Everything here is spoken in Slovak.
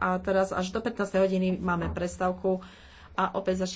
A teraz až do 15. hodiny máme prestávku a opäť začne